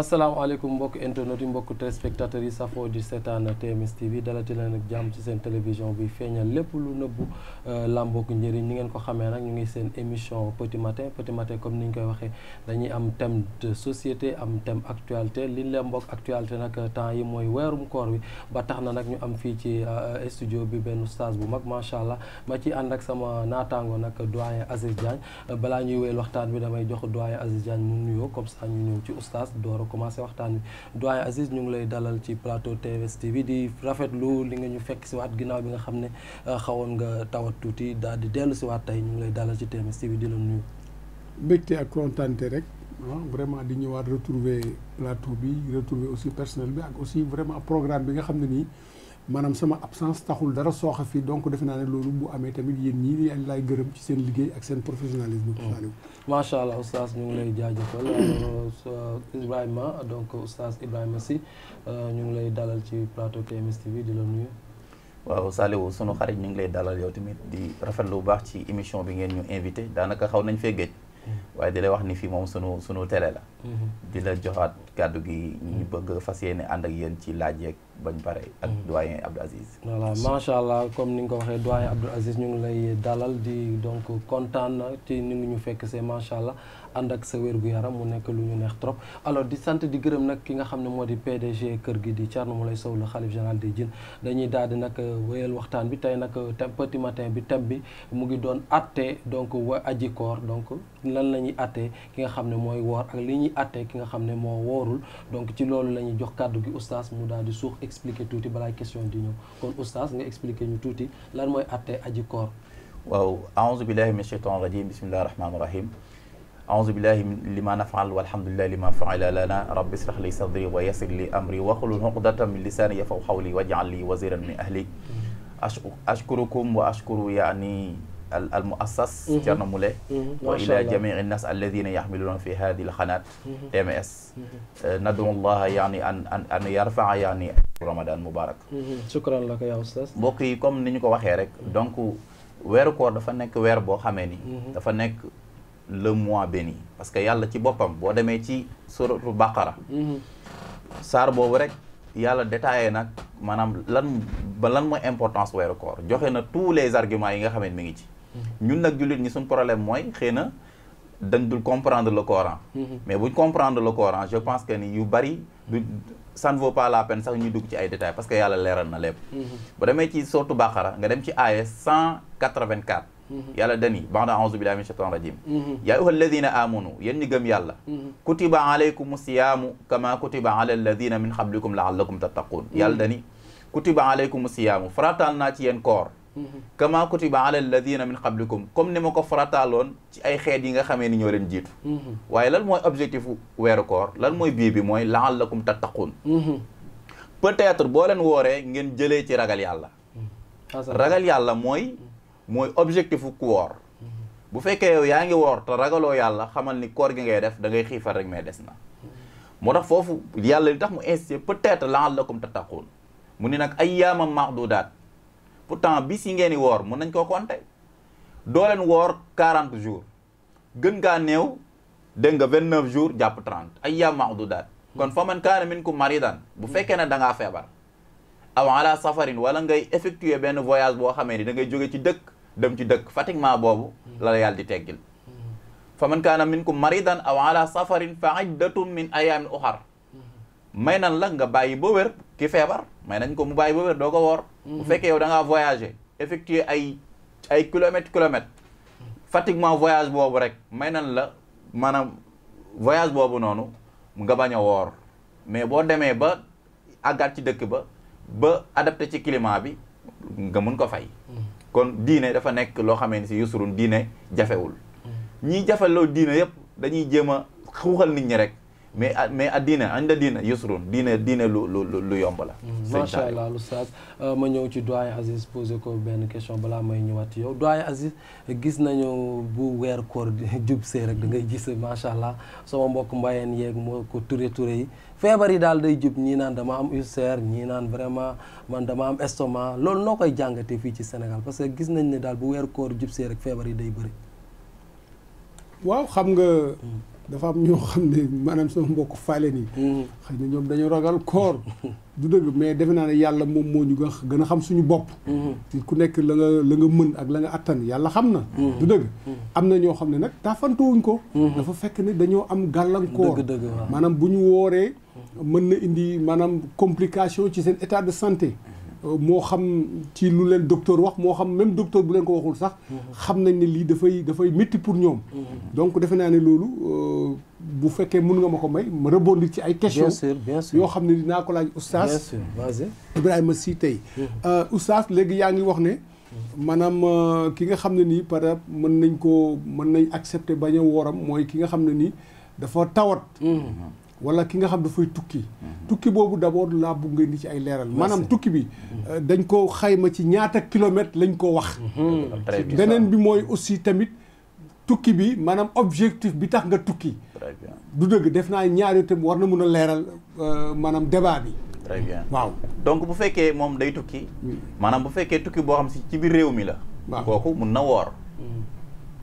asalaamaaleykum mbokk internet yi mbokk téléspectateurs yi safoo di seetaan TMS TV dalati leen ak jàmm ci seen télévision bi feeñal lépp lu nëbbu euh, làmbook njëriñ ni ngeen ko xamee nag ñu ngi seen émission petit matin comme ni ñu koy waxee dañuy am thème de société am thème actualité li ñu actualité nag temps yi mooy weerum koor wi ba tax na nag ñu am fii ci euh, studio bi benn stage bu mag macha allah ma ci ànd ak sama naataango nag doyen Aziz balaa ñuy wéyal waxtaan bi damay jox doyen Aziz Diagne mu nuyoo comme ça ñu ci oustaz door commencé waxtaan bi doyen Aziz ñu ngi lay dalal ci plateau TMS TV di rafetlu li nga ñu fekk si waat ginnaaw bi nga xam ne euh, xawoon nga tawat tuuti daal di dellu si waat tey ñu ngi lay dalal ci TMS TV di la nuyu. mbégte ak kontaante rek ah, vraiment di ñëwaat retrouver plateau bi retrouver aussi personnel bi ak aussi vraiment programme bi nga xam ne nii. maanaam sama absence taxul dara sooxa fii donc defe naa ne loolu bu amee tamit yéen ñii laay gërëm ci seen liggéey ak seen professionnalisme. Oh. macha allah oustaz ñu ngi lay jaajëfal euh, Ibrahima donc oustaz Ibrahima Sy euh, ñu ngi lay dalal ci plateau TMS TV di la nuyu. waaw Saliou sunu xarit ñu ngi lay dalal yow tamit di rafetlu bu baax ci émission bi ngeen ñu invité daanaka xaw nañ fee géej hmm. waaye di lay wax ni fi moom sunu sunu télé la. Hmm. di la joxaat kàddu gi ñu mm. bëgg fas yéene ànd ak yéen ci laaj yeeg bañ pare ak mm. doyen Abdou Aziz voilà macha allah comme ni nga ko waxee doyen Abdou Aziz ñu ngi lay dalal di donc na ci ni ngi ñu fekk se macha allah ànd ak sa wér gu yaram mu nekk lu ñu neex trop alors di sant di gërëm nag ki nga xam ne moo di PDG kër gi di Thierno mu lay la xalif général des jën dañuy daal di nag euh, wéyal waxtaan bi tey nag euh, thème bi thème bi mu ngi doon àtte donc wa aji koor donc lan la ñuy àtte ki nga xam ne mooy woor ak li ñuy àtte ki nga xam ne moo woorul donc ci loolu la ñuy jox kàddu gi oustaz mu daal di suux expliquer tuuti balaa question di ñëw kon oustaz nga expliquer ñu tuuti lan mooy àtte aji koor waaw aouzu billahi min shaytan rajim bismillahi rahmaani rahim aouzu billahi lima nafaal walhamdulillahi lima faala lana rabbi israh li sadri wa yassir li amri waxlul uqdatan min lisani yafaw xawli wajal li waziran min ahli ashkurukum wa ashkuru yaani al muassas mhm. Thierno Moule mhm. wa ila jamii nnas alladina yaxmiluna fi hadi lxanaat mhm. TMS eh, nadu llaha yaani an an an yarfaa yaani ramadan mubarak sukran laka yaa oustaz mbokk yi comme ni ñu ko waxee rek donc weeru koor dafa nekk weer boo xamee ni dafa nekk le mois béni parce que yàlla ci boppam boo demee ci suratu baqara mhm. saar boobu rek yàlla détaillé nag maanaam lan ba lan mooy importance weeru koor joxe na tous les arguments yi nga xam ne mi ngi ci mhm. ñun nag jullit ñi suñ problème mooy xëy na dañ dul comprendre le Coran mhm. mais bu comprendre le Coran je pense que ni yu bari du ça pas la peine sax ñu dugg ci ay détails parce que yàlla leeral na lépp bu demee ci suratu baqara nga dem ci aaya 184 Mm-hmm. yàlla dani banda aouzu billahi min shaitan rajim mm-hmm. yaa ayyuha alladina amanu yéen ñi gëm yàlla mm-hmm. kutiba alaykum siyaamu kama kutiba ala alladina min qablikum laallakum tattaqun yàlla dani kutiba alaykum siyaamu farataal naa ci yéen koor kama kutiba ala alladina min qablikum comme ni ma ko farataaloon ci ay xeet yi nga xamee ni ñoo leen jiitu waaye lan mooy objectif weeru koor lan mooy bii bi mooy laallakum tattaqun peut-être boo leen wooree ngeen jëlee ci ragal yàlla ragal yàlla mooy mooy objectif ku woor bu fekkee yaa ngi woor te ragaloo yàlla xamal ni koor gi ngay def dangay xiifal rek mais des na moo tax foofu yàlla li tax mu insisté peut-être la'allakum tattaqun mu ni nag du ayyaaman ma'dudaat pourtant bis yi ngeen di woor mën nañ koo compter doo leen woor 40 jours gën gaa néew dégg nga 29 jours jàpp 30 ayyaaman ma'dudaat kon fa man kaana minkum maridan bu fekkee ne da ngaa feebar aw ala safarin wala ngay effectuer benn voyage boo xamee da ngay jóge ci dëkk dem ci dëkk fatiguement boobu la la yàlla di teggil fa man kaana minkum maridan aw ala safarin fa iddatun min ayaamin uxar may nan la nga bàyyi ba wér ki feebar may nañ ko mu bàyyi ba wér doo ko woor bu fekkee yow da ngaa effectuer ay ay kilomètre kilomètre fatiguement voyage boobu rek may nan la maanaam voyage boobu noonu nga bañ a woor mais boo demee ba àggaat ci dëkk ba ba adapté ci climat bi nga mun ko fay kon diine dafa nekk loo xamee ni si yusurun diine jafewul ñiy jafeloo diine yëpp dañuy jéem a xuuxal nit ñi rek mais mais a diine añ da diine yusrun diine diine lu lu lu yomb la mm, macha allah lu oustaz euh, ma ñëw ci doyen Aziz posé ko benn question balaa may ñëwaat yow doyen Aziz gis nañu bu weer koor jub see rek da ngay gis macha allah sama mbokk mbayeen yeeg moo ko ture ture yi feebar yi daal day jub ñii naan dama am ulcère ñii naan vraiment man dama am estomac loolu noo koy jàngatee fii ci Sénégal parce que gis nañ ne daal bu weeru koor jub see rek feebar yi day bëri waaw xam nga hmm. dafa am ñoo xam ne maanaam sama mbokk faale nii. Hmm. xëy na ñoom dañu ragal koor. du dëgg mais defe naa ne yàlla moom moo ñu gën a xam suñu bopp. Hmm. ku nekk la nga la nga mën ak la nga attan yàlla xam na. Hmm. du dëgg am na ñoo xam ne nag taafantuwuñ ko. dafa fekk ne dañoo am gàllankoor. maanaam bu ñu wooree. mën na indi maanaam complication ci seen état de santé. moo xam ci lu leen docteur wax moo xam même docteur bu leen ko waxul sax xam nañ ne lii dafay dafay métti pour ñoom donc defe naa ne loolu euh, bu fekkee mun nga ma ko may ma rebondir ci ay questions yoo xam ne dinaa ko laaj oustaz Ibrahima si tey euh, oustaz léegi yaa ngi wax ne maanaam euh, ki nga xam ne nii par mën nañ ko mën nañ accepter bañ a wooram mooy ki nga xam ne nii dafa tawat mhm. wala ki nga xam dafay tukki mhm. tukki boobu d'abord laa bëgg nga ni ci ay leeral maanaam tukki bi mhm. euh, dañ ko xayma ci ñaata kilomètres lañ ko wax mhm. beneen bi mooy aussi tamit tukki bi maanaam objectif bi tax nga tukki du dëgg def naa ñaar yooyu tam war na mën a leeral euh, maanaam débat bi très waaw donc bu fekkee moom day tukki maanaam bu fekkee tukki boo xam si ci biir réew mi la kooku mun na woor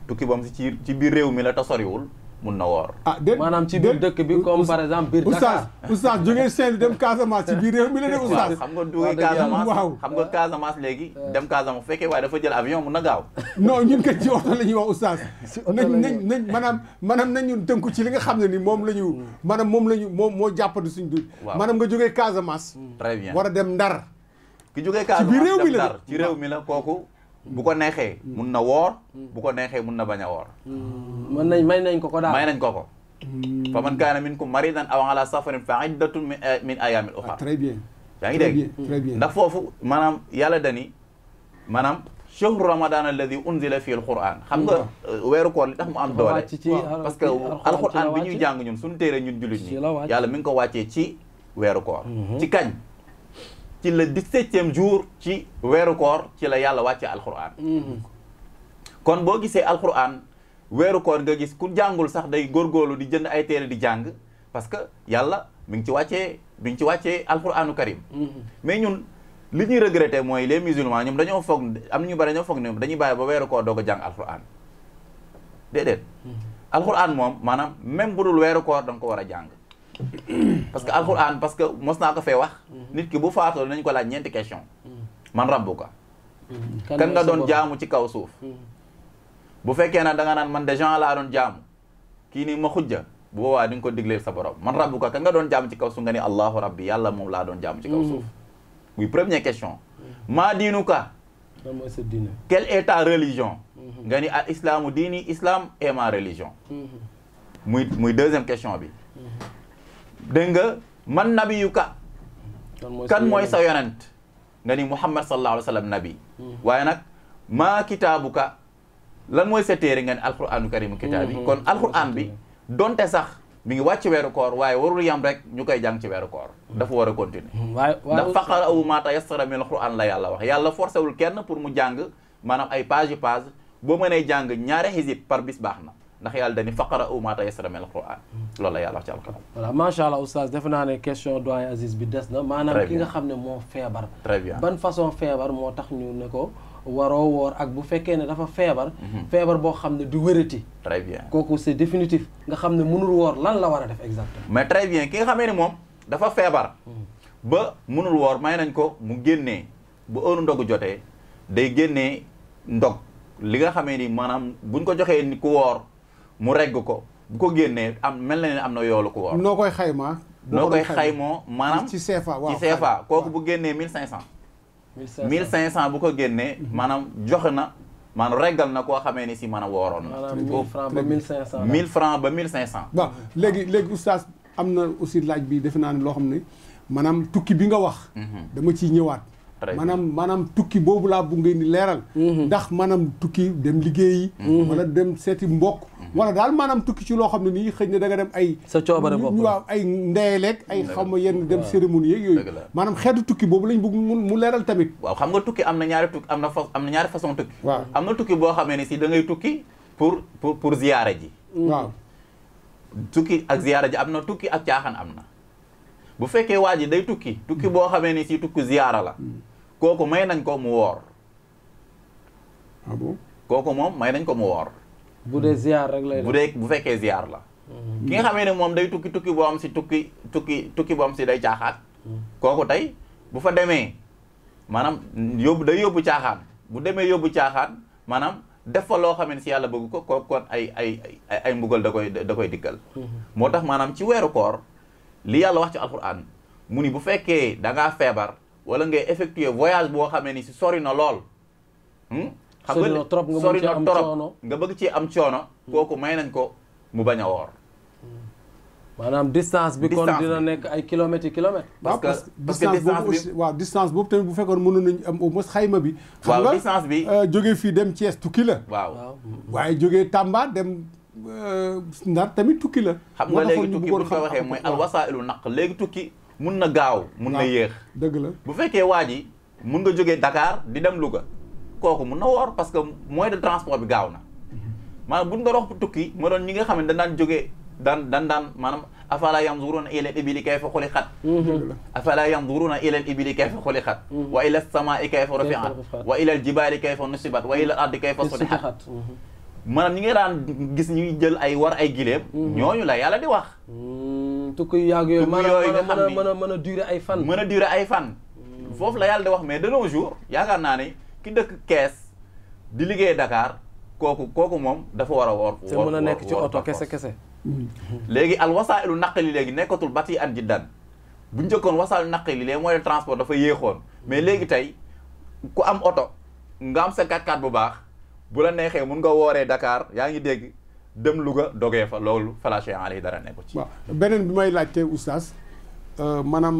tukki boo xam si ci biir réew mi la te soriwul mun na woor. ah déet ah, maanaam ci biir dëkk bi comme par exemple biir Dakar. oustaz oustaz jógee Saint-Louis dem Casamance ci biir réew mi la ne oustaz. xam nga jógee Casamance waaw xam nga Casamance léegi. dem bu fekkee waaye dafa jël avion mun na gaaw. non ñun kat ci oto la ñuy wax oustaz. nañ nañ nañ maanaam maanaam nañ ñun ci li nga xam ne ni moom la ñu. Hmm. maanaam moom la ñu moom moo jàppandi suñu dund. waaw maanaam nga jógee Casamance. très bien war a dem Ndar. ki jógee Casamance dem Ndar ci réew mi la kooku bu ko neexee mun na woor bu ko neexee mun na bañ a woor mm. mën nañ may nañ ko ko daal may nañ ko ko mm. fa man kaana minkum maridan aw ala safarin fa iddatun eh, min ayaamin uxar ah, très bien yaa ngi dégg ndax foofu maanaam yàlla dani maanaam chahru ramadan alladi unzila fi alquran xam nga mm. eh, weeru koor li tax mu am doole parce que alquran bi ñuy jàng ñun suñu téere ñun jullit ñi yàlla mi ngi ko wàccee ci weeru koor mm-hmm. ci kañ ci le dix-septième jour ci weeru koor ci la yàlla wàcce alquran mhm. kon boo gisee alquran weeru koor nga gis ku jàngul sax day góorgóorlu di jënd ay téere di jàng parce que yàlla mi ngi ci wàccee bi ngi ci wàccee alquranu karim mhm. mais ñun li ñuy regretter mooy les musulmans ñoom dañoo foog am na ñu bari dañoo foog ne dañuy bàyyi ba weeru koor doog a jàng alquran déedéet mhm. alquran moom maanaam même bu dul weeru koor da nga ko war a jàng parce que al alxuraan parce que mos naa ko fee wax. Mm-hmm. nit ki bu faatoo nañ ko laa ñeenti question mm-hmm. man rabbuka mm-hmm. kan nga doon jaamu ci kaw suuf. bu fekkee na danga naan man de gens laa doon jaamu kii nii ma xujja bu boobaa di nga ko digleel sa borom man rabbuka kan nga doon jaamu ci kaw suuf nga ni allahu rabbi yàlla moom laa doon jaamu ci kaw suuf. muy première question. maa diinuka. quel est ta religion. nga ni al islaamu diini islam et ma religion. muy muy deuxième bi. dégg nga man nabiyuka kan mooy sa yonent nga ni muhammad sa alayhi wa sallam nabi hmm. waaye nag maa ka lan mooy sa téere nga ni alquranu karimu kitaab yi hmm, hmm, kon alquran bi donte sax mu ngi wàcc weeru koor waaye warul yam rek ñu koy jàng ci weeru koor dafa war a continuer ndax faqara'u maa tayassara min alquran la yàlla wax yàlla forcé wul kenn pour mu jàng maanaam ay page page boo mënee jàng ñaari xisib par bis baax na ndax yàlla dañu faqara'u maa tayassara min al-Qur'an loolu la yàlla wax ci alquran voilà macha allah oustaz defe naa ne question doyen Aziz bi des na maanaam ki nga xam ne moom feebar très bien ban façon feebar moo tax ñu ne ko waroo woor ak bu fekkee ne dafa feebar mhm. feebar boo xam ne du wérati très bien kooku c'est définitif nga xam ne mënul woor lan la war a def exactement mais très bien ki nga xamee ni moom dafa feebar hmm. mënul woor may nañ ko mu génnee bu heure ndog jotee day génnee ndog li nga xamee ni maanaam buñ ko joxee ni ku woor mu regg ko bu ko génnee am mel na ne am na yoolu ko woor noo koy xaymaa noo koy xaymoo maanaam ci CFA waaw ci CFA kooku bu génnee mille cinq cent mille cinq cent bu ko génnee mhm. maanaam joxe na maanaam reggal na koo xamee ni si mën a wooroon la mille francs ba mille cinq cent waaw léegi léegi oustaz am na aussi laaj bi defe naa ne loo xam ne maanaam tukki bi nga wax mhm. dama ciy ñëwaat maanaam maanaam tukki boobu laa bu ngeen di leeral mhm. ndax maanaam tukki dem liggéey liggéeyi mhm. wala dem seeti mbokk mhm. wala daal maanaam tukki ci loo xam ne nii xëy na danga dem ay sa coobare bopp waaw ay ndeyeleeg ay xam ma yenn dem cérémonie yeeg yooyu maanaam xeetu tukki boobu lañ bëgg mu leeral tamit waaw xam nga tukki am na ñaari tukki am na fa am ñaari façon tukki waaw am na tukki boo xamee ne si dangay ngay tukki pour pour pour ziyaara ji waaw tukki ak ziyaara ji am na tukki ak caaxaan am na bu fekkee waa ji day tukki tukki boo xamee ne si tukki la kooku may nañ ko mu woor. Ah kooku moom may nañ ko mu woor. bu dee ziar rek lay bu dee bu fekkee ziar la. Mm-hmm. ki nga xamee ne moom day tukki tukki boo am si tukki tukki tukki boo si day caaxaan. Mm-hmm. kooku tey bu fa demee maanaam yóbbu day yóbbu caaxaan bu demee yóbbu caaxaan maanaam def fa loo xam ne si yàlla bëgg ko ko kon ay ay ay ay mbugal da koy da koy dikkal. Mm-hmm. moo tax maanaam ci weeru koor li yàlla wax ci alquran mu ni bu fekkee da feebar. wala ngay effectuer voyage boo xamee ni si sori na lool. Hmm? xam nga sori na trop nga bëgg ci am coono. Hmm. kooku may nañ ko mu bañ a woor. maanaam distance bi kon dina nekk ay kilomètres yi kilomètres. parce que parce que distance boobu waaw tamit bu fekkoon mënoon nañu am au moins xayma bi. xam nga distance bi euh, jóge fii dem Thiès tukki la. waaw waaye jóge Tamba dem euh, Ndar tamit tukki la. xam nga léegi tukki bu ñu ko waxee mooy alwasaa'ilu naq léegi tukki. mun na gaaw mun na yéex. dëgg la bu fekkee waa ji mun nga jógee Dakar di dem Louga kooku mun na woor parce que moyen de transport bi gaaw na mhm. maanaam buñ doon wax tukki ma doon ñi nga xam ne dañ daan jógee daan daan daan maanaam. afala yanzuruna ila al-ibili kayfa xuliqat mhm. afala yanzuruna ila al-ibili kayfa xuliqat mhm. wa ila as-samaa'i kayfa rufi'at wa ila al-jibali kayfa nusibat wa ila al-ardi kayfa sudihat maanaam ñi nga daan gis ñuy jël ay war ay gileem ñooñu la yàlla di wax tukki yu yooyu. yooyu nga xam ni mën a mën a durer ay fan. mën a durer ay fan. foofu la yàlla di wax mais de nos jours yaakaar naa ne ki dëkk kees di liggéey dakaar kooku kooku moom dafa war a woor. te mën a nekk ci oto kese kese. léegi al naq naqli léegi nekkatul bati an jiddan bu njëkkoon wasaa'ilu naqli les moyens de transport dafa yéexoon mais léegi tey ku am oto nga am sa 4 x bu baax bu la neexee mun nga wooree dakaar yaa ngi dégg. dem Louga dogee fa loolu falaché yi dara nekku ci. waaw beneen bi may laajte oustaz euh, maanaam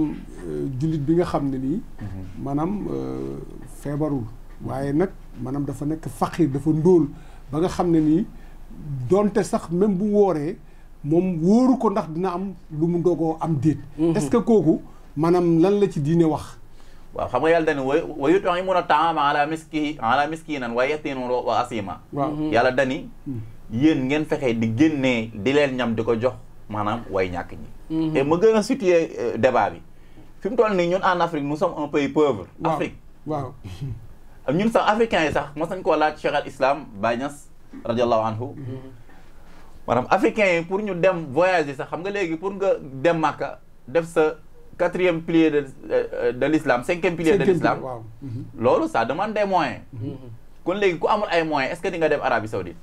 euh, jullit bi nga xam ne nii. Mhm. maanaam euh, feebarul. waaye nag maanaam dafa nekk faqiir dafa ndóol ba nga xam ne nii donte sax même bu wooree moom wóoru ko ndax dina am lu mu ndogoo am déet. Mhm. est-ce que kooku maanaam lan la ci diine wax. waaw xam nga yàlla dani wa wa yut'imuna ta'ama ala miski ala miskinan wa yatiman wa asima. waaw mhm. yàlla dani. yéen ngeen fexee di génnee di leen ñam di ko jox maanaam waaye ñàkk ñi. Mhm. et ma gën a situer euh, débat bi fi mu toll nii ñun en Afrique mu sommes un pays pauvre. Afrique ñun sax africains yi sax mos nañu koo laaj Cheikh al Islam Baye Niass radiallahu anhu mhm. maanaam africains yi pour ñu dem voyager sax xam nga léegi pour nga dem Màkka def sa quatrième pilier de euh, euh, de l' islam cinquième pilier de l' islam mhm. loolu ça demande des moyens. kon léegi ku amul ay moyens est-ce nga dem Arabie Saoudite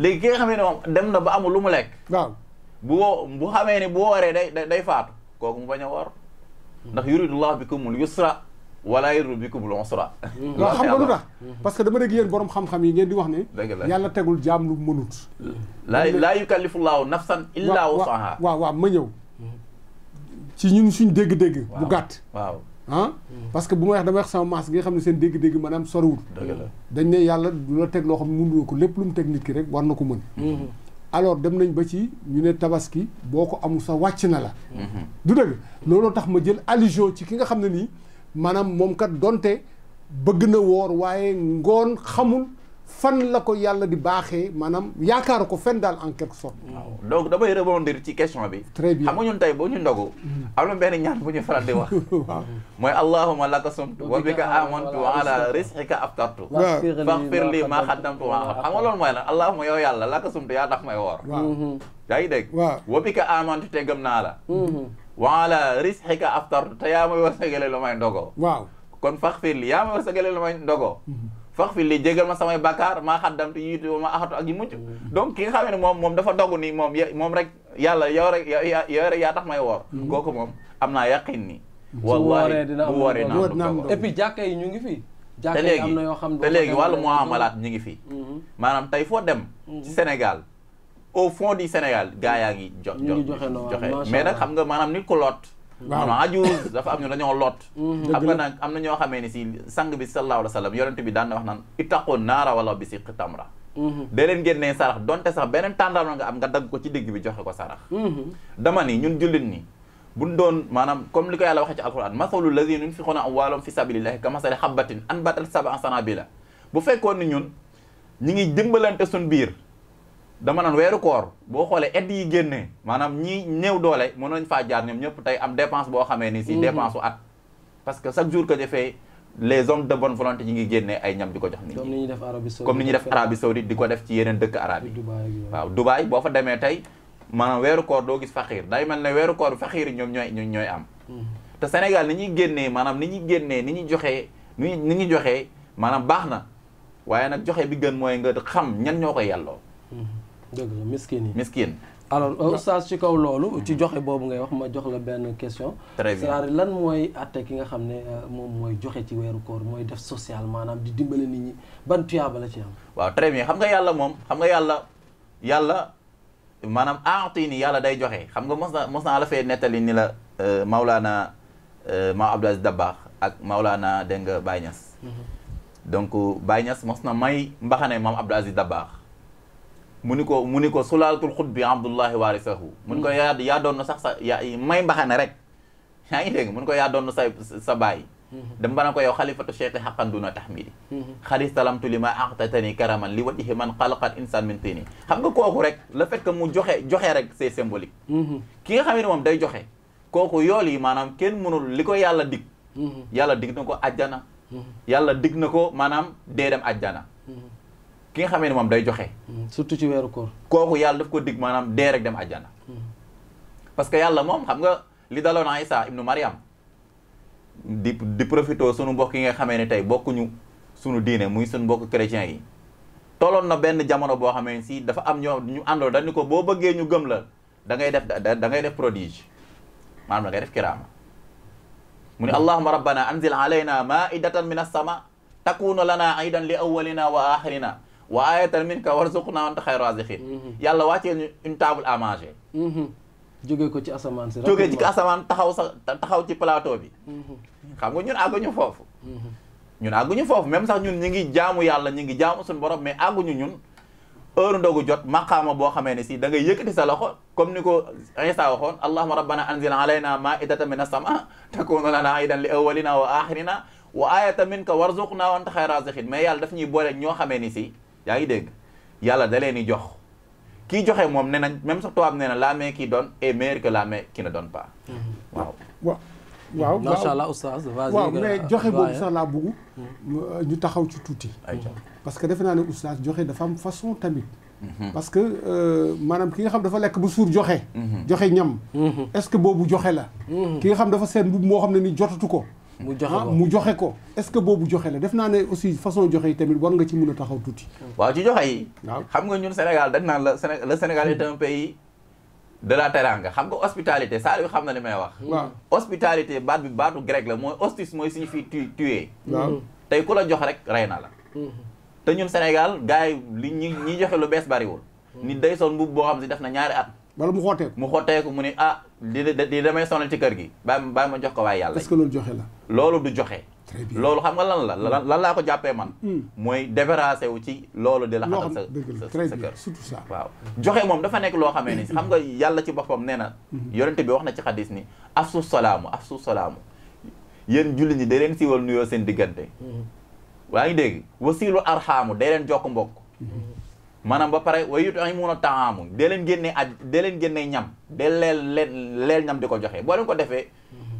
léegi ki nga xamee ne moom dem na ba amul lu mu lekk waaw bu bu xamee ne bu wooree day day faatu kooku mu bañ a ndax yuridullah bikumul yusra wala yuridu bikumul usra waaw mm-hmm. xam nga lu tax parce dama dégg yéen borom xam-xam yi ngeen di wax ni yàlla tegul jaam lu mënut laa laa yukallifullaahu nafsan illaa wusaha waaw waaw ma ñëw ci ñun suñ dégg-dégg bu gàtt ah mm-hmm. parce que bu ma wax dama wax sama maas gi nga xam ne seen dégg-dégg maanaam soriwul dañ ne yàlla du la teg loo xam ne mënuloo ko lépp lu mu teg nit ki rek war na ko mën mm-hmm. alors dem nañ ba ci ñu ne tabaski boo ko amul sa wàcc na la mm-hmm. du dëgg looloo tax ma jël allusion ci ki nga xam ne nii maanaam moom kat donte bëgg na woor waaye ngoon xamul fan la ko yàlla di baaxee maanaam yaakaar ko fenn daal en quelque sorte. waaw donc damay rebondir ci question bi. très bien xam nga ñun tey boo ñu ndogu. am na benn ñaan bu ñu faral di wax. mooy allahumma laka sumtu wa bika amantu wa ala rizqika aftartu. faghfir li ma wa ma xam nga loolu mooy lan allahumma yow yàlla laka sumtu yaa tax may woor. waaw mm-hmm. te gëm naa la. Mm-hmm. wa ala rizqika aftartu te yaa may wasagale lu may ndogoo. waaw kon faghfir li yaa may wasagale lu may ndogoo. Mm-hmm. faxfir li jégal ma samay bakkaar maa xaddamtu yiitu ma axatu ak yi mucc mm. donc ki nga xamee ne moom moom dafa dogu ni moom moom rek yàlla yow rek yaa tax may woor mm. kooku moom am naa yàqin ni mm. wallahi bu wooree naa et puis jàkka yi ñu ngi fi te léegi te léegi wàllu muamalaat ñu ngi fi mm-hmm. maanaam tey foo dem mm-hmm. ci Sénégal au fond du Sénégal gaa yaa ngi jox jox joxe mais nag xam nga maanaam nit ku lot waaw ajuuz dafa am ñu dañoo lot mm-hmm. xam nga nag am na ñoo xamee ni si sang bi sallallahu alayhi wa sallam yonent bi daan na wax naan ittaqu naara wala bi si tamra mm-hmm. da leen génnee sarax donte sax beneen tàndarma nga am nga dagg ko ci digg bi joxe ko sarax mm-hmm. dama ni ñun jullit ni bu doon maanaam comme li ko yàlla waxee ci alquran masalu lazina yunfiquna amwaalahum fi sabilillahi ka masali xabbatin anbatat bi la bu fekkoon ni ñun ñi ngi dimbalante suñ biir dama naan weeru koor boo xoolee aide yi génnee maanaam ñi néew doole mën nañ faa jaar ñoom ñëpp tey am dépense boo xamee ni si mhm. dépense su at parce que chaque jour que jëfee les hommes de bonne volonté ñi ngi génnee ay ñam di ko jox nit ñi comme ni ñuy def Arabie Saoudite di ko def ci yeneen dëkk arab yi waaw Dubaï boo fa demee tey maanaam weeru koor doo gis faxiir day mel na weeru koor faxiir yi ñoom ñooy ñooy am mhm. te Sénégal ni ñuy génnee maanaam ni ñuy génnee ni ñuy joxee ni ni ñuy joxee maanaam baax na waaye nag joxe bi gën mooy nga xam ñan ñoo koy yàlloo mhm. dëgg la miskin yi miskin alors oustaz si kaw loolu ci joxe boobu ngay wax ma jox la benn question très bien c'est-à-dire lan mooy atte ki nga xam ne euh, moom mooy joxe ci weeru koor mooy def social maanaam di dimbale nit ñi ban tuyaaba la ci am waaw très bien xam nga yàlla moom xam nga yàlla yàlla maanaam aati ni yàlla day joxe xam nga mos na mos naa la fee nettali ni la euh, Maulana euh, Maam Abdou Aziz baax ak Maulana dégg nga Baye Niass mhm. donc mos na may mbaxane Maam Abdou Aziz baax mu ni ko mu ni ko sulaalatul xut bi abdullahi waarisahu mu ko yaa yaa doon sax sa yaa may mbaxane rek yaa ngi dégg mu ko yaa doon sa sa baay mm-hmm. dem bana ko yow xalifatu cheikhi xaqan duna taxmidi mm-hmm. xaris talamtu li ma aqtatani karaman li wajihi man xalaqat insan min tini xam nga kooku rek la fait que mu joxe joxe rek c'est symbolique mm-hmm. ki nga xam ne moom day joxe kooku yool yi maanaam kenn mënul li ko yalla dig yàlla dig na ko ajjana yàlla dig na ko maanaam dee dem ajjana ki nga xamee ne moom day joxe. Mm, surtout ci weeru koor. kooku yàlla daf ko dig maanaam dee dem àjjana. Mm. parce que yàlla moom xam nga li daloon na Isa ibnu Mariam di di profité sunu mbokk yi nga xamee ne tey bokkuñu sunu diine muy sunu mbokk chrétien yi. toloon na benn jamono boo xamee ne si dafa am ñoo ñu àndoo dañu ko boo bëggee ñu gëm la da ngay def da ngay def prodige maanaam da ngay def kiraama. mu ne allahuma rabbana anzil alayna maidatan min as sama takuna lana aidan li awalina wa ayatan minka warzuqna wa anta xayru raaziqiin mhm. yàlla wàccee ñu une table à manger mhm. jóge ko ci asamaan si jóge ci asamaan taxaw sa taxaw ci plateau bi mhm. xam ko ñun àgguñu foofu ñun àgguñu foofu même sax ñun ñu ngi jaamu yàlla ñu ngi jaamu suñu borom mais àgguñu ñun heure ndogu jot ma maqaama boo xamee ne si da ngay yëkkati sa loxo comme ni ko Isa waxoon allahuma rabbana anzil alayna maidatan min as-sama takunu lana aidan li awwalina wa axirina wa ayatan minka warzuqna wa anta xayra raziqin mais yàlla daf ñuy boole ñoo xamee ni si yaa ngi dégg yàlla da leen di jox kii joxe moom nee nañ même sax tubaab nee na la main qui doon est meilleure que la main qui ne donne pas. waaw waaw. waaw macha allah mais joxe boobu sax laa bëgg hmm. ñu taxaw ci tuuti. parce que defe naa ne oustaz joxe dafa am façon tamit. Hmm. parce que euh, manaam ki nga xam dafa lekk bu suur joxe. Hmm. joxe ñam. est-ce que boobu joxe la. ki nga xam dafa seen bu moo xam ne ni jotatu ko. mu joxe ah, ko mu joxe ko est-ce que boobu joxe la def naa ne aussi façon joxe yi tamit war nga ci mun a taxaw tuuti. waaw ci joxe yi. xam nga ñun Sénégal dañ naan la le Sénégal est un pays de la teranga xam nga hospitalité saa yu xam na li may wax. waaw hospitalité baat bi baatu grec la mooy hostis mooy signifie tu tuer. waaw tey ku la jox rek rey na la. Mm-hmm. te ñun Sénégal gars yi li ñi ñi joxe lu bees bariwul. nit day sol mbubb boo xam si def na ñaari at. wala ah, li li damay sonal ci kër gi ba baa ma jox ko waaye yàlla est-ce que loolu la loolu du joxe loolu xam nga lan la lan laa ko jàppee man hmm. mooy débarrassé wu ci loolu di la xatal sa kër surtout ça waaw joxe moom dafa nekk loo xamee ni hmm. xam nga yàlla ci boppam nee na hmm. yonente bi wax na ci xadis ni afsu salaamu afsu salaamu yéen julli ñi day leen siiwal nuyoo seen diggante waa ngi dégg wasiilu arxaamu day leen jokk mbokk maanaam ba pare way yutu ay mun a taamu dee leen génnee aj dee leen génnee ñam dee leel leen leel ñam di ko joxe boo leen ko defee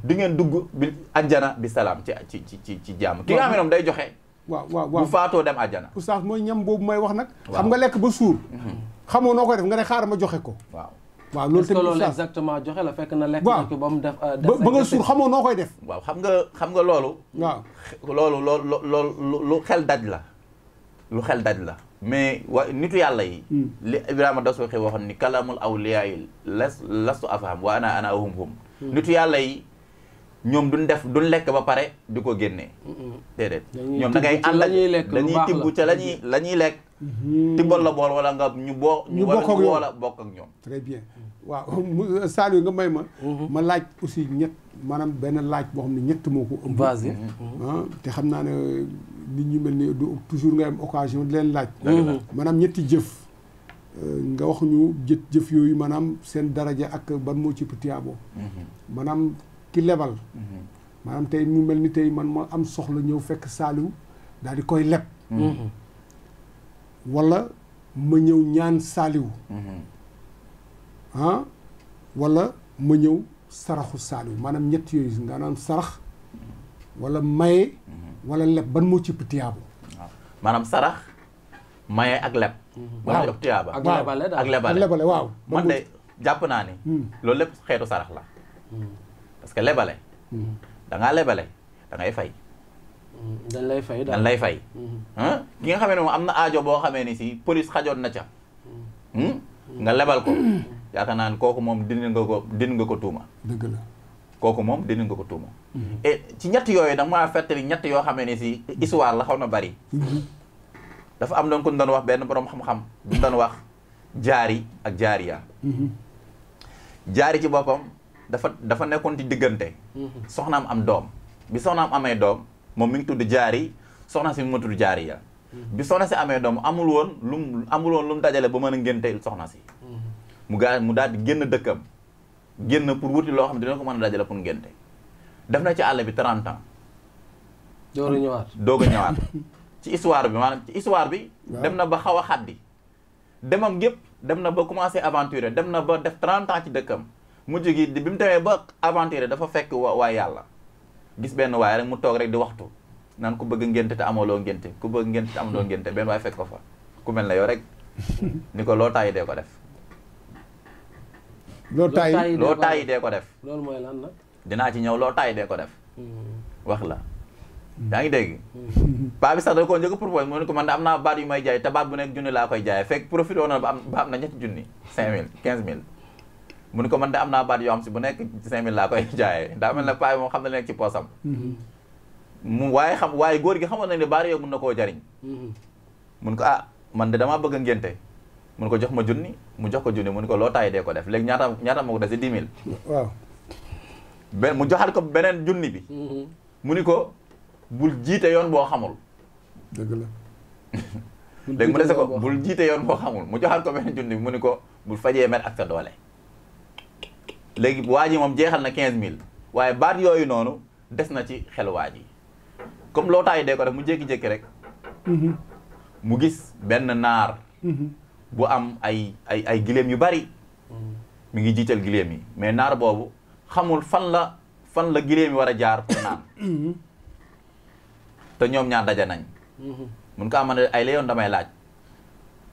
di ngeen dugg bi ajjana bi salaam ci ci ci ci ci jàmm ki nga xam ne moom day joxe waaw waaw waaw bu faatoo dem ajjana oustaz mooy ñam boobu may wax nag xam nga lekk ba suur mhm. xamoo noo koy def nga ne xaaral ma joxe ko waaw waaw loolu tamit loolu exactement joxe la fekk na lekk waaw ba mu def euh, ba nga suur noo koy def waaw xam nga xam nga loolu waaw loolu loolu loolu lu xel daj la lu xel daj la mais wa nitu yàlla yi hmm. li Ibrahima Dasuuxi waxoon ni kalaamul awliyaa yi las lastu afaham wa ana ana hum hum hmm. nitu yàlla yi ñoom duñ def duñ lekk ba pare di ko génnee hmm, déedéet ñoom da ngay ànd ak dañuy tibb ca la la ñuy lekk tibbal la bool wala nga ñu boo ñu bokk ak bokk ak ñoom très bien waaw Saliou nga may ma ma laaj aussi ñett maanaam benn laaj boo xam ne ñett moo ko ëmb ah, te xam naa ne nit ñu mel ni du toujours nga am occasion leen laaj. Mhm. maanaam ñetti jëf. Euh, nga waxuñu ñu jëf yooyu maanaam seen daraja ak ban moo ci tiyaabo. Mhm. maanaam ki lebal. Mhm. maanaam tey mu mel ni tey man ma am soxla ñëw fekk Saliou daal di koy leb. wala ma ñëw ñaan saaliw ah wala ma ñëw saraxu Saliou maanaam ñett yooyu maanaam sarax. wala maye. Mhm. wala leb ban moo ci maanaam sarax maye ak leb. Mhm. waaw waaw man jàpp naa ni. Hmm. loolu lépp xeetu sarax la. Hmm. parce que lebale. Hmm. da lebale da fay. dañ lay fay dañ lay fay. ki nga xamee ne moom am na aajo boo xamee ni si police xajoon na ca. nga lebal ko. yaakaar naa ne kooku moom dindi nga ko dindi nga ko tuuma. dëgg la kooku moom dindi nga ko tuuma. Mm-hmm. et ci ñett yooyu nag maa fàttali ñett yoo xamee ne si mm-hmm. histoire la xaw na bari. Mm-hmm. dafa am doon ko doon wax benn boroom xam-xam du doon wax jaari ak jaariya jaari ci boppam dafa dafa nekkoon ci diggante soxnaam am doom bi soxnaam amee doom moom mi ngi tudd jaari soxna si mu tudd jaariya bi soxna si amee doom amul woon lum amul woon lu mu dajale ba mën a ngénteel soxna si mu gaa mu daal di génn dëkkam génn pour wuti loo xam ne dina ko mën a dajale pour ngénte def na ci àll bi 30 ans. doog a ñëwaat doog a ñëwaat ci histoire bi maanaam ci histoire bi. dem na ba xaw a xaddi. demam gépp dem na ba commencé aventurer dem na ba def 30 ans ci dëkkam mujj gi bi mu demee ba aventurer dafa fekk wa waa yàlla. gis benn waay rek mu toog rek di waxtu naan ku bëgg ngénte te amaloo ngénte ku bëgg ngénte te amaloo ngénte benn waay fekk ko fa ku mel na yow rek ni ko loo tàyyi dee ko def. loo tàyyi loo tàyyi dee ko def. loolu mooy lan nag. dinaa ci ñëw loo tay dee ko def hmm. wax la hmm. yaa ngi dégg hmm. paa bi sax da koo njëkk propose mu ne ko man da am naa baat yu may jaay te baat bu nekk junni laa koy jaayee fekk profité woon na ba na ñetti junni cinq mille quinze mille mu ne ko man da am naa baat yoo xam si bu nekk cinq mill laa koy jaayee daa mel ne paa bi moom xam na nekk ci poosam mu waaye xam waaye góor gi xamoon nañ ne baat yooyu mun na koo jariñ mun ko ah man de damaa bëgg a ngénte mun ko jox ma junni mu jox ko junni mun ko loo taay dee ko def léegi ñaata ñaata moo ko def si dix mille waaw benn mu joxal ko beneen junni bi. Mm-hmm. mu ni ko bul jiite yoon boo xamul. dëgg la. léegi mu dese ko bul jiite yoon boo xamul mu joxal ko beneen junni bi mu ni ko bul fajee met ak sa doole. léegi waa ji moom jeexal na quinze mille waaye baat yooyu noonu des na ci xel waa ji comme lootaay dee ko rek mu jékki-jékki rek. Mm-hmm. mu gis benn naar. Mm-hmm. bu am ay ay ay gileem yu bari. mu ngi jiital gileem yi mais naar boobu. xamul fan la fan la giléem mi war a jaar pour naan te ñoom ñaar daja nañ mm-hmm. mun ko am ne ay la damay laaj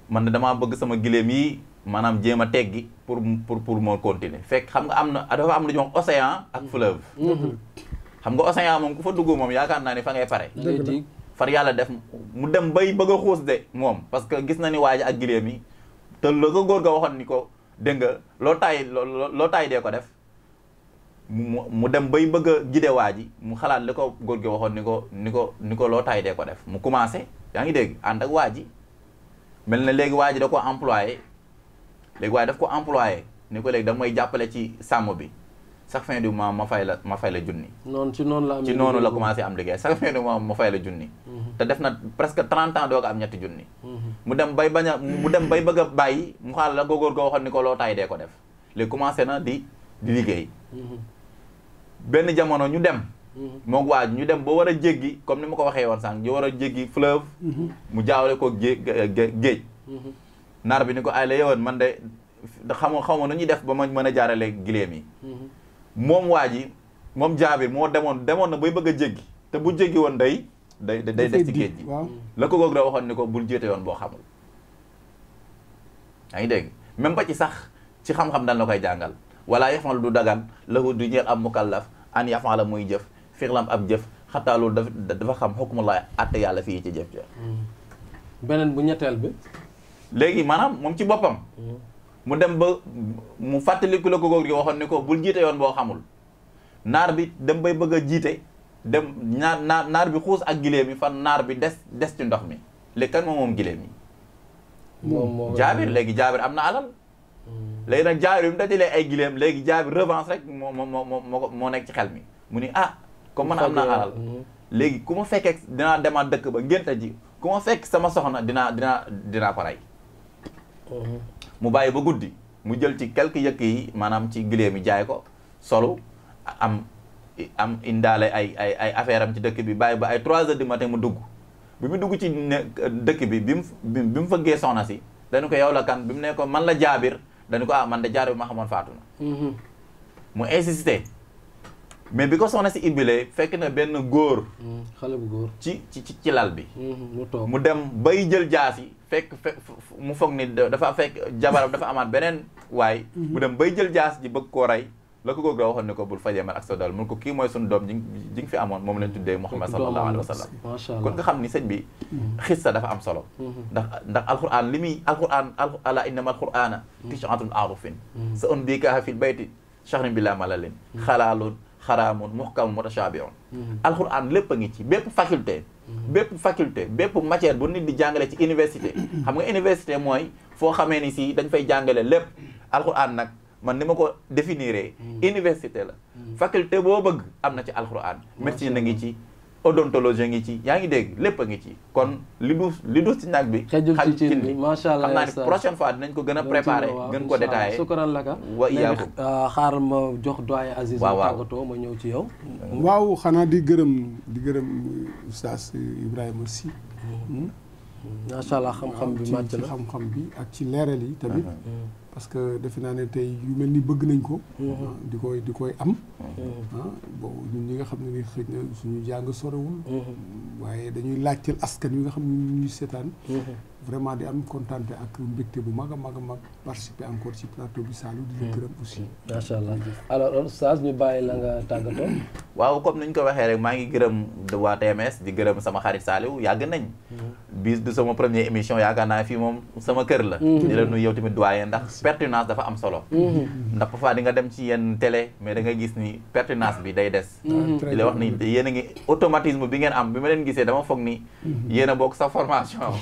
man na damaa bëgg sama giléem yi maanaam jéem a teggi pour pour pour moo continer fekk xam nga am na dafa am lu ñuy océan ak mm-hmm. fleuve mm-hmm. xam nga océan moom ku fa dugg moom yaakaar naa ni fa ngay pare far yàlla def mu dem bay bëgg a xuus de moom parce que gis na ni waaji ak giléem yi te la ko góor ga waxoon ni ko dégg nga loo taay loo taay dee ko def mu mu dem bay bëgg a waa ji mu xalaat li ko góor gi waxoon ni ko ni ko ni ko loo taay dee ko def mu commencé yaa ngi dégg ànd waa ji mel na léegi waa ji da ko employé léegi waaye daf ko employé ni ko léegi da may jàppale ci sàmm bi chaque fin du ma fay la ma fay la junni. noonu ci noonu la am noonu la commencé am liggéey chaque fin du mois ma fay la junni. Mhm. te def na presque trente ans doo ko am ñetti junni. Mhm. mu dem bay bañ a mu bay bëgg bàyyi mu xaaral la góor-góor goo waxoon ko loo tay dee ko def léegi commencé na di di liggéey. Mhm. benn jamono ñu dem. Mhm. moom waa ñu dem ba war a jéggi comme ni ma ko waxee woon sànq ñu war a jéggi fleuve. Mhm. mu jaawale ko géej. Mhm. naar bi ni ko ay la yowoon man de xamoo xamoo nu ñuy def ba ma mën a jaarale gileem yi. moom waa ji moom jaabir moo demoon demoon na bay bëgg a jéggi te bu jéggi woon day. day day des ci géej gi la ko goog da waxoon ni ko bul jéete yoon boo xamul. yaa ngi dégg même ba ci sax ci xam-xam dañ la koy jàngal wala yafal du dagan lahu du ñeel am an yafan la muy jëf firlam ab jëf xataa loolu dafa dafa xam xukmulaay àtte yàlla fii ci jëf ja hmm. beneen bu ñetteel bi léegi maanaam moom ci boppam hmm. mu dem ba mu fàttaliku la ko góor gi waxoon ni ko bul jiite yoon boo xamul naar bi dem bay bëgg a jiite dem naar naar naar bi xuus ak gileem yi fan naar bi des des ci ndox mi léegi kan moom moom gileem jaabir léegi jaabir am na alal léegi nag jaabir bi mu dajalee ay gileem léegi jaabir revanche rek moo moo moo moo nekk ci xel mi mu ni ah comme man am naa alal mm-hmm. léegi ku ma fekkee dinaa demaat dëkk ba ngénte ji ku ma fekk sama soxna dinaa dinaa dinaa ko rey mm-hmm. mu bàyyi ba guddi mu jël ci quelques yëkk yi maanaam ci gileem yi jaay ko solu am am indaale ay ay ay affaire am ci dëkk bi bàyyi ba ay trois heures du matin mu dugg bi mu dugg ci dëkk bi bi mu bi mu fëggee soxna si dañu ko yow la kan bi mu ne man la jaabir dañu ko ah man de jaaro bi ma xamoon faatu na mhm. mu insisté mais bi ko soxna si ibbilee fekk na benn góor mhm, xale góor ci ci ci lal bi mhm, mu dem bay jël jaas yi fekk fekk mu foog ni dafa fekk jabaram dafa amaat beneen waay mu dem bay jël jaas ji bëgg koo rey la ko góor ga waxoon ne ko bul fajee man ak sa dal mun ko kii mooy suñu doom ji ji nga fi amoon moom lañ tuddee Muhammad sallallahu alayhi wa sallam kon nga xam bi mm-hmm. xissa dafa am solo mm-hmm. ndax ndax alquran li muy alquran mm-hmm. ala lépp ngi ci bépp faculté bépp faculté bépp matière bu nit di jàngale ci université xam nga université mooy foo xamee ni si dañ fay jàngale lépp alquran nag man ni ma ko définiree mm. université la mm. faculté boo bëgg am na ci alxuraan médecine na ngi ci a ngi ci yaa ngi dégg lépp a ngi ci kon li du li du ci nag bi xajul ci cin bi macha allah xam naa ni dinañ ko gën a préparé gën ko détaillé sukaral laka wa iyaakum euh, xaar ma jox doyen Aziz waaw tàggatoo ma ñëw ci yow waaw xanaa di gërëm di gërëm Oustaz Ibrahima mm-hmm. Mm-hmm. allah xam-xam la xam-xam bi ak ci leeral yi tamit mm-hmm. parce que defe naa ne tey yu mel ni bëgg nañ ko. Mhm. Ah, di koy di koy am. Mhm. ah bon ñun ñi nga xam ne ni xëy na suñu jàng sorewul. Mhm. waaye dañuy laajteel askan wi nga xam ne ñuy seetaan. vraiment di am kontaante ak mbégte bu mag a mag a mag participer encore ci plateau bi Saalum. di gërëm aussi. macha allah alors Oustaz ñu bàyyi la nga waaw comme ni ñu ko waxee rek maa ngi gërëm waa TMS di gërëm sama xarit Saliou yàgg nañ. bis du sama première émission yaakaar naa fii moom sama kër la. di yow tamit doyen ndax. pertinence dafa am solo mm-hmm. ndax parfois di nga dem ci yenn télé mais da gis ni pertinence bi day des mm-hmm. ah, di la wax ni yéen a ngi automatisme bi ngeen am bi ma leen gisee dama foog ni mm-hmm. yéen a bokk sa formation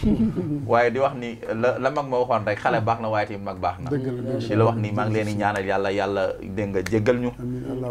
waaye di wax ni la la mag ma waxoon rek xale baax na waaye tamit mag baax na di la wax ni maa ngi leen di ñaanal yàlla yàlla dégg nga jéggal ñu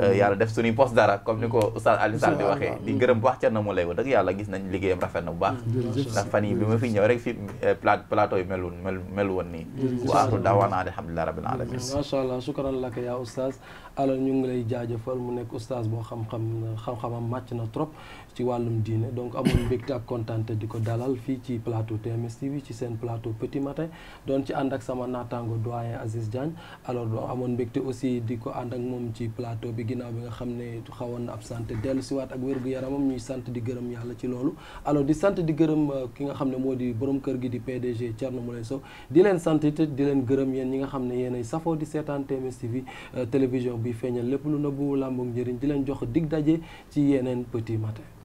euh, yàlla def suñuy poste dara comme ni ko Oustaz Alioune Sall di waxee di gërëm bu baax ca na mu lay wa dëgg yàlla gis nañ liggéeyam na bu baax ndax fan yi bi ma fi ñëw fi euh, plateau yi melul melu woon nii waaw daawanaa alhamdulilah rabbil alamin macha allah shukran laka yaa oustaz alors ñu ngi lay jaajëfal mu nekk oustaz boo xam-xam xam-xamam màcc na trop ci wàllum diine donc amoon mbégte ak kontante di ko dalal fii ci plateau TMS TV ci seen plateau Petit Matin doon ci ànd ak sama naataango doyen Aziz Diagne alors amoon mbégte aussi di ko ànd ak moom ci plateau bi ginnaaw bi nga xam ne xawoon na ab absente dellu siwaat ak wér-gu-yaramam ñuy sant di gërëm yàlla ci loolu alors di sant di gërëm euh, ki nga xam ne moo di borom kër gi di PDG mu Moulay Sow di leen sant it di leen gërëm yéen ñi nga xam ne yéenay safoo di seetaan TMS TV euh, télévision bi feeñal lépp lu nëbbu làmboog njëriñ di leen jox dig daje ci yeneen Petit Matin